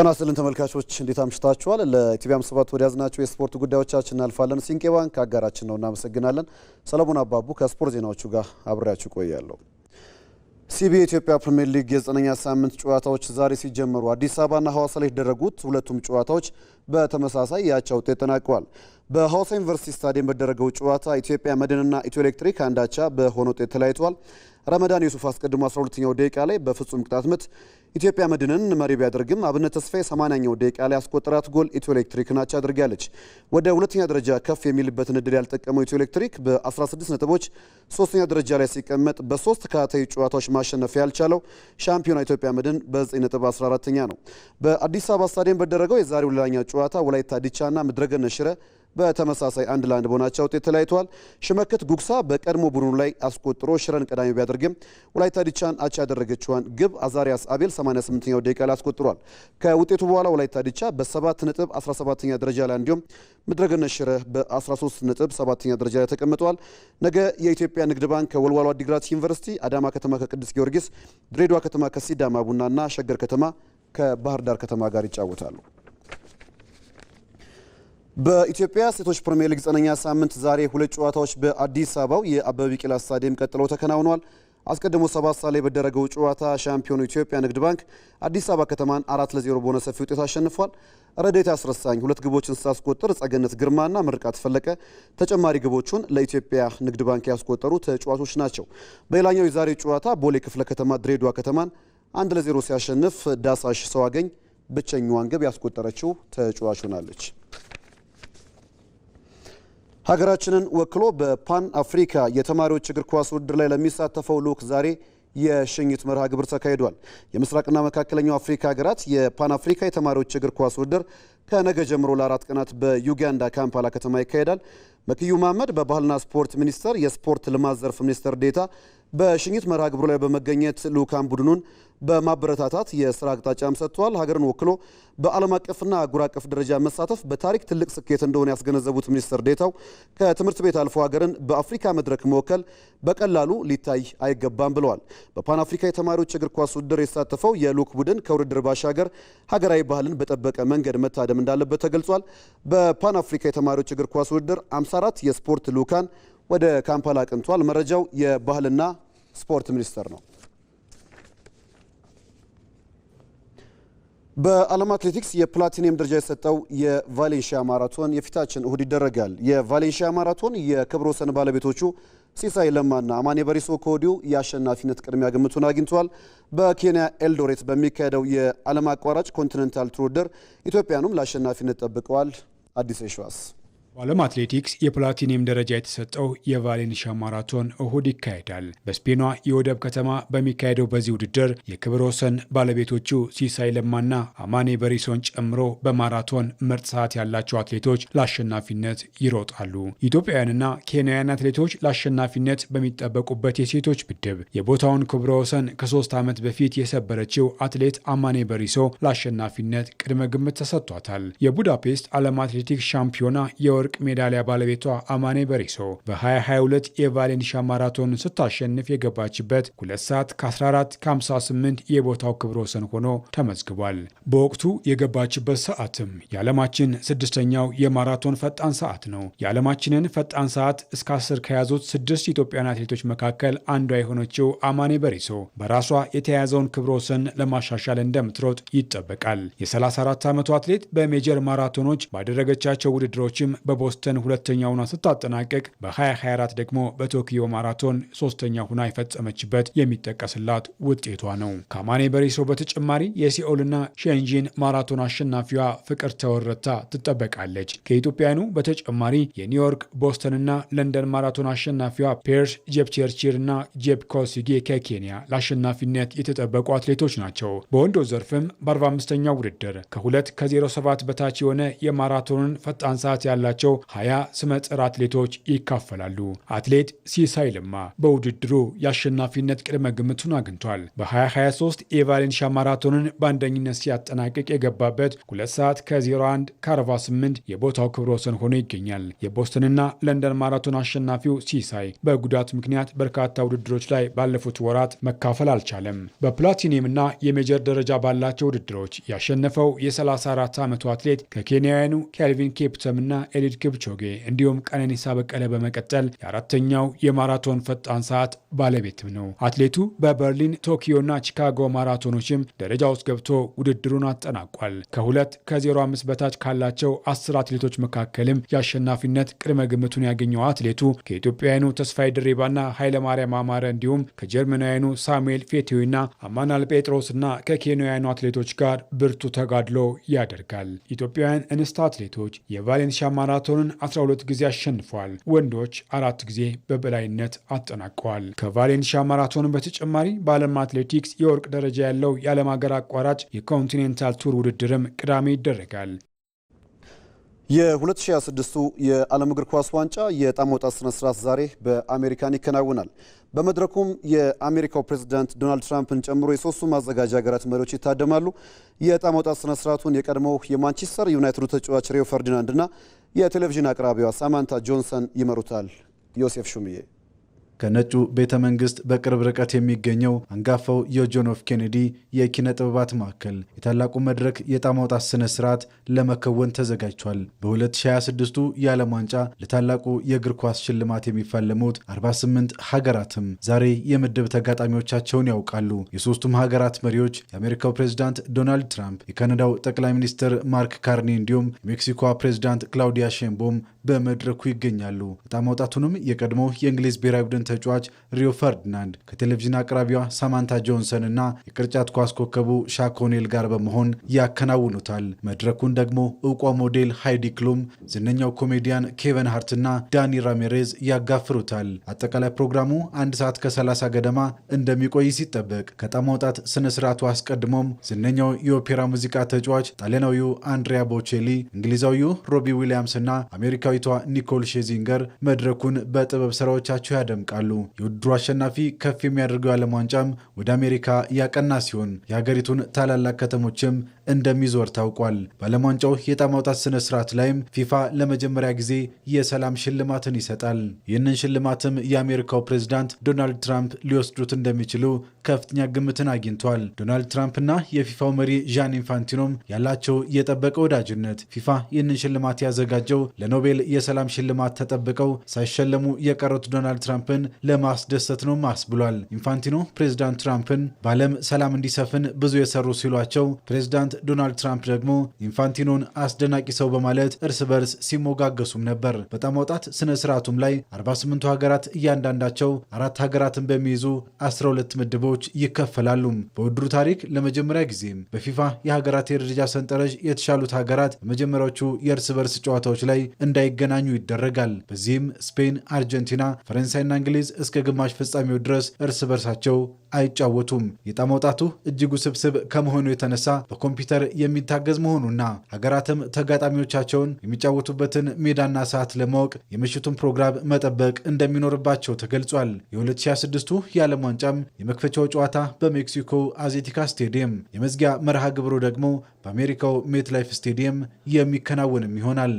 ጤና ይስጥልን ተመልካቾች እንዴት አምሽታችኋል? ለኢቲቪ ሃምሳ ወደ ያዝናቸው የስፖርት ጉዳዮቻችን እናልፋለን። ሲንቄ ባንክ አጋራችን ነው፣ እናመሰግናለን። ሰለሞን አባቡ ከስፖርት ዜናዎቹ ጋር አብሬያችሁ ቆያለሁ። ሲቢ የኢትዮጵያ ፕሪሚየር ሊግ የዘጠነኛ ሳምንት ጨዋታዎች ዛሬ ሲጀመሩ አዲስ አበባና ሐዋሳ ላይ የተደረጉት ሁለቱም ጨዋታዎች በተመሳሳይ ያቻ ውጤት ተጠናቀዋል። በሐዋሳ ዩኒቨርሲቲ ስታዲየም በደረገው ጨዋታ ኢትዮጵያ መድንና ኢትዮ ኤሌክትሪክ አንዳቻ በሆነ ውጤት ተለያይተዋል። ረመዳን ዩሱፍ አስቀድሞ 12ኛው ደቂቃ ላይ በፍጹም ቅጣት ምት ኢትዮጵያ መድንን መሪ ቢያደርግም አብነት ተስፋዬ 80ኛው ደቂቃ ላይ አስቆጠራት ጎል ኢትዮ ኤሌክትሪክ አቻ አድርጋለች። ወደ ሁለተኛ ደረጃ ከፍ የሚልበትን እድል ያልጠቀመው ኢትዮ ኤሌክትሪክ በ16 ነጥቦች ሶስተኛ ደረጃ ላይ ሲቀመጥ በሶስት ተከታታይ ጨዋታዎች ማሸነፍ ያልቻለው ሻምፒዮና ኢትዮጵያ መድን በ9 ነጥብ 14ኛ ነው። በአዲስ አበባ ስታዲየም በደረገው የዛሬው ሌላኛው ጨዋታ ወላይታ ዲቻና ምድረገነት ሽረ በተመሳሳይ አንድ ለአንድ በሆናቸው ውጤት ተለያይተዋል። ሽመክት ጉግሳ በቀድሞ ቡድኑ ላይ አስቆጥሮ ሽረን ቀዳሚ ቢያደርግም ወላይታ ዲቻን አቻ ያደረገችዋን ግብ አዛሪያስ አቤል 88ኛው ደቂቃ ላይ አስቆጥሯል። ከውጤቱ በኋላ ወላይታ ዲቻ በ7 ነጥብ 17ኛ ደረጃ ላይ እንዲሁም ምድረገነት ሽረ በ13 ነጥብ 7ኛ ደረጃ ላይ ተቀምጠዋል። ነገ የኢትዮጵያ ንግድ ባንክ ከወልዋሎ አዲግራት ዩኒቨርሲቲ፣ አዳማ ከተማ ከቅዱስ ጊዮርጊስ፣ ድሬዳዋ ከተማ ከሲዳማ ቡናና ሸገር ከተማ ከባህር ዳር ከተማ ጋር ይጫወታሉ። በኢትዮጵያ ሴቶች ፕሪሚየር ሊግ ዘጠነኛ ሳምንት ዛሬ ሁለት ጨዋታዎች በአዲስ አበባው የአበበ ቢቂላ ስታዲየም ቀጥለው ተከናውነዋል። አስቀድሞ ሰባት ሰዓት ላይ በደረገው ጨዋታ ሻምፒዮኑ ኢትዮጵያ ንግድ ባንክ አዲስ አበባ ከተማን አራት ለዜሮ በሆነ ሰፊ ውጤት አሸንፏል። ረዴት አስረሳኝ ሁለት ግቦችን ሳስቆጥር ጸገነት ግርማና ምርቃት ፈለቀ ተጨማሪ ግቦቹን ለኢትዮጵያ ንግድ ባንክ ያስቆጠሩ ተጫዋቾች ናቸው። በሌላኛው የዛሬ ጨዋታ ቦሌ ክፍለ ከተማ ድሬዳዋ ከተማን አንድ ለዜሮ ሲያሸንፍ ዳሳሽ ሰው አገኝ ብቸኛዋን ግብ ያስቆጠረችው ተጫዋች ሆናለች። ሀገራችንን ወክሎ በፓን አፍሪካ የተማሪዎች እግር ኳስ ውድድር ላይ ለሚሳተፈው ልዑክ ዛሬ የሽኝት መርሃ ግብር ተካሂዷል። የምስራቅና መካከለኛው አፍሪካ ሀገራት የፓን አፍሪካ የተማሪዎች እግር ኳስ ውድድር ከነገ ጀምሮ ለአራት ቀናት በዩጋንዳ ካምፓላ ከተማ ይካሄዳል። መክዩ መሐመድ በባህልና ስፖርት ሚኒስቴር የስፖርት ልማት ዘርፍ ሚኒስትር ዴኤታ በሽኝት መርሃ ግብሩ ላይ በመገኘት ልዑካን ቡድኑን በማበረታታት የስራ አቅጣጫም ሰጥተዋል። ሀገርን ወክሎ በዓለም አቀፍና አህጉር አቀፍ ደረጃ መሳተፍ በታሪክ ትልቅ ስኬት እንደሆነ ያስገነዘቡት ሚኒስትር ዴታው ከትምህርት ቤት አልፎ ሀገርን በአፍሪካ መድረክ መወከል በቀላሉ ሊታይ አይገባም ብለዋል። በፓን አፍሪካ የተማሪዎች እግር ኳስ ውድድር የተሳተፈው የልዑክ ቡድን ከውድድር ባሻገር ሀገራዊ ባህልን በጠበቀ መንገድ መታደም እንዳለበት ተገልጿል። በፓን አፍሪካ የተማሪዎች እግር ኳስ ውድድር 54 የስፖርት ልዑካን ወደ ካምፓላ አቅንቷል። መረጃው የባህልና ስፖርት ሚኒስቴር ነው። በዓለም አትሌቲክስ የፕላቲኒየም ደረጃ የሰጠው የቫሌንሺያ ማራቶን የፊታችን እሁድ ይደረጋል። የቫሌንሺያ ማራቶን የክብረ ወሰን ባለቤቶቹ ሲሳይ ለማና አማኔ በሪሶ ከወዲሁ የአሸናፊነት ቅድሚያ ግምቱን አግኝተዋል። በኬንያ ኤልዶሬት በሚካሄደው የዓለም አቋራጭ ኮንቲኔንታል ትሩድር ኢትዮጵያኑም ለአሸናፊነት ጠብቀዋል። አዲስ ሸዋስ በዓለም አትሌቲክስ የፕላቲኒየም ደረጃ የተሰጠው የቫሌንሻ ማራቶን እሁድ ይካሄዳል። በስፔኗ የወደብ ከተማ በሚካሄደው በዚህ ውድድር የክብረ ወሰን ባለቤቶቹ ሲሳይ ለማና አማኔ በሪሶን ጨምሮ በማራቶን ምርጥ ሰዓት ያላቸው አትሌቶች ለአሸናፊነት ይሮጣሉ። ኢትዮጵያውያንና ኬንያውያን አትሌቶች ለአሸናፊነት በሚጠበቁበት የሴቶች ምድብ የቦታውን ክብረ ወሰን ከሶስት ዓመት በፊት የሰበረችው አትሌት አማኔ በሪሶ ለአሸናፊነት ቅድመ ግምት ተሰጥቷታል። የቡዳፔስት ዓለም አትሌቲክስ ሻምፒዮና የወ የወርቅ ሜዳሊያ ባለቤቷ አማኔ በሪሶ በ2022 የቫሌንሻ ማራቶን ስታሸንፍ የገባችበት 2 ሰዓት ከ14 ከ58 የቦታው ክብረ ወሰን ሆኖ ተመዝግቧል። በወቅቱ የገባችበት ሰዓትም የዓለማችን ስድስተኛው የማራቶን ፈጣን ሰዓት ነው። የዓለማችንን ፈጣን ሰዓት እስከ 10 ከያዙት ስድስት ኢትዮጵያን አትሌቶች መካከል አንዷ የሆነችው አማኔ በሪሶ በራሷ የተያያዘውን ክብረ ወሰን ለማሻሻል እንደምትሮጥ ይጠበቃል። የ34 ዓመቱ አትሌት በሜጀር ማራቶኖች ባደረገቻቸው ውድድሮችም በ በቦስተን ሁለተኛ ስታጠናቀቅ በ2024 ደግሞ በቶኪዮ ማራቶን ሶስተኛ ሁና የፈጸመችበት የሚጠቀስላት ውጤቷ ነው። ካማኔ በሪሶ በተጨማሪ የሲኦልና ሼንጂን ማራቶን አሸናፊዋ ፍቅር ተወረታ ትጠበቃለች። ከኢትዮጵያውያኑ በተጨማሪ የኒውዮርክ ቦስተንና ለንደን ማራቶን አሸናፊዋ ፔርስ እና ጄፕ ኮሲጌ ከኬንያ ለአሸናፊነት የተጠበቁ አትሌቶች ናቸው። በወንዶች ዘርፍም በ45ኛው ውድድር ከ2 ከ07 በታች የሆነ የማራቶንን ፈጣን ሰዓት ያላቸው ያላቸው ሀያ ስመጽር አትሌቶች ይካፈላሉ። አትሌት ሲሳይ ለማ በውድድሩ የአሸናፊነት ቅድመ ግምቱን አግኝቷል። በ2023 የቫሌንሺያ ማራቶንን በአንደኝነት ሲያጠናቅቅ የገባበት 2 ሰዓት ከ01 ከ48 የቦታው ክብረ ወሰን ሆኖ ይገኛል። የቦስተንና ለንደን ማራቶን አሸናፊው ሲሳይ በጉዳት ምክንያት በርካታ ውድድሮች ላይ ባለፉት ወራት መካፈል አልቻለም። በፕላቲኒየምና የሜጀር ደረጃ ባላቸው ውድድሮች ያሸነፈው የ34 ዓመቱ አትሌት ከኬንያውያኑ ኬልቪን ኬፕተምና ኤሊድ ክብቾጌ እንዲሁም ቀነኒሳ በቀለ በመቀጠል የአራተኛው የማራቶን ፈጣን ሰዓት ባለቤትም ነው። አትሌቱ በበርሊን ቶኪዮና ቺካጎ ማራቶኖችም ደረጃ ውስጥ ገብቶ ውድድሩን አጠናቋል። ከሁለት ከ05 በታች ካላቸው አስር አትሌቶች መካከልም የአሸናፊነት ቅድመ ግምቱን ያገኘው አትሌቱ ከኢትዮጵያውያኑ ተስፋዬ ድሪባና ኃይለማርያም አማረ እንዲሁም ከጀርመናውያኑ ሳሙኤል ፌቴዊና አማናል ጴጥሮስና ከኬንያውያኑ አትሌቶች ጋር ብርቱ ተጋድሎ ያደርጋል። ኢትዮጵያውያን እንስት አትሌቶች የቫሌንሺያ ማራ ማራቶንን 12 ጊዜ አሸንፏል። ወንዶች አራት ጊዜ በበላይነት አጠናቀዋል። ከቫሌንሺያ ማራቶን በተጨማሪ በዓለም አትሌቲክስ የወርቅ ደረጃ ያለው የዓለም ሀገር አቋራጭ የኮንቲኔንታል ቱር ውድድርም ቅዳሜ ይደረጋል። የ2026 የዓለም እግር ኳስ ዋንጫ የዕጣ ማውጣት ስነ ስርዓት ዛሬ በአሜሪካን ይከናወናል። በመድረኩም የአሜሪካው ፕሬዝዳንት ዶናልድ ትራምፕን ጨምሮ የሶስቱ ማዘጋጃ ሀገራት መሪዎች ይታደማሉ። የዕጣ ማውጣት ስነ ስርዓቱን የቀድሞው የማንቸስተር ዩናይትዱ ተጫዋች ሪዮ ፈርዲናንድና የቴሌቪዥን አቅራቢዋ ሳማንታ ጆንሰን ይመሩታል። ዮሴፍ ሹምዬ ከነጩ ቤተ መንግስት በቅርብ ርቀት የሚገኘው አንጋፋው የጆን ኤፍ ኬኔዲ የኪነ ጥበባት ማዕከል የታላቁ መድረክ የዕጣ ማውጣት ስነ ስርዓት ለመከወን ተዘጋጅቷል። በ2026ቱ የዓለም ዋንጫ ለታላቁ የእግር ኳስ ሽልማት የሚፋለሙት 48 ሀገራትም ዛሬ የምድብ ተጋጣሚዎቻቸውን ያውቃሉ። የሦስቱም ሀገራት መሪዎች የአሜሪካው ፕሬዚዳንት ዶናልድ ትራምፕ፣ የካናዳው ጠቅላይ ሚኒስትር ማርክ ካርኒ እንዲሁም የሜክሲኮ ፕሬዚዳንት ክላውዲያ ሼምቦም በመድረኩ ይገኛሉ። እጣ ማውጣቱንም የቀድሞው የእንግሊዝ ብሔራዊ ቡድን ተጫዋች ሪዮ ፈርዲናንድ ከቴሌቪዥን አቅራቢዋ ሳማንታ ጆንሰን እና የቅርጫት ኳስ ኮከቡ ሻኮኔል ጋር በመሆን ያከናውኑታል። መድረኩን ደግሞ እውቋ ሞዴል ሃይዲ ክሉም፣ ዝነኛው ኮሜዲያን ኬቨን ሃርትና ዳኒ ራሜሬዝ ያጋፍሩታል። አጠቃላይ ፕሮግራሙ አንድ ሰዓት ከ30 ገደማ እንደሚቆይ ሲጠበቅ ከዕጣ ማውጣት ስነ ስርዓቱ አስቀድሞም ዝነኛው የኦፔራ ሙዚቃ ተጫዋች ጣሊያናዊው አንድሪያ ቦቼሊ፣ እንግሊዛዊው ሮቢ ዊሊያምስ እና አሜሪካዊ ፈረንሳዊቷ ኒኮል ሼዚንገር መድረኩን በጥበብ ስራዎቻቸው ያደምቃሉ። የውድድሩ አሸናፊ ከፍ የሚያደርገው የዓለም ዋንጫም ወደ አሜሪካ ያቀና ሲሆን የሀገሪቱን ታላላቅ ከተሞችም እንደሚዞር ታውቋል። በዓለም ዋንጫው የዕጣ ማውጣት ስነ ስርዓት ላይም ፊፋ ለመጀመሪያ ጊዜ የሰላም ሽልማትን ይሰጣል። ይህንን ሽልማትም የአሜሪካው ፕሬዝዳንት ዶናልድ ትራምፕ ሊወስዱት እንደሚችሉ ከፍተኛ ግምትን አግኝቷል። ዶናልድ ትራምፕና የፊፋው መሪ ዣን ኢንፋንቲኖም ያላቸው የጠበቀ ወዳጅነት ፊፋ ይህንን ሽልማት ያዘጋጀው ለኖቤል የሰላም ሽልማት ተጠብቀው ሳይሸለሙ የቀሩት ዶናልድ ትራምፕን ለማስደሰት ነው አስብሏል። ኢንፋንቲኖ ፕሬዚዳንት ትራምፕን በዓለም ሰላም እንዲሰፍን ብዙ የሰሩ ሲሏቸው ፕሬዚዳንት ዶናልድ ትራምፕ ደግሞ ኢንፋንቲኖን አስደናቂ ሰው በማለት እርስ በርስ ሲሞጋገሱም ነበር። በጣም ወጣት ስነ ስርዓቱም ላይ 48ቱ ሀገራት እያንዳንዳቸው አራት ሀገራትን በሚይዙ 12 ምድቦች ይከፈላሉ። በውድሩ ታሪክ ለመጀመሪያ ጊዜም በፊፋ የሀገራት የደረጃ ሰንጠረዥ የተሻሉት ሀገራት በመጀመሪያዎቹ የእርስ በርስ ጨዋታዎች ላይ እንዳይገናኙ ይደረጋል። በዚህም ስፔን፣ አርጀንቲና፣ ፈረንሳይና እንግሊዝ እስከ ግማሽ ፍጻሜው ድረስ እርስ በርሳቸው አይጫወቱም። የዕጣ መውጣቱ እጅግ ውስብስብ ከመሆኑ የተነሳ በኮምፒውተር የሚታገዝ መሆኑና ሀገራትም ተጋጣሚዎቻቸውን የሚጫወቱበትን ሜዳና ሰዓት ለማወቅ የምሽቱን ፕሮግራም መጠበቅ እንደሚኖርባቸው ተገልጿል። የ2026ቱ የዓለም ዋንጫም የመክፈቻው ጨዋታ በሜክሲኮ አዜቲካ ስቴዲየም፣ የመዝጊያ መርሃ ግብሩ ደግሞ በአሜሪካው ሜትላይፍ ስቴዲየም የሚከናወንም ይሆናል።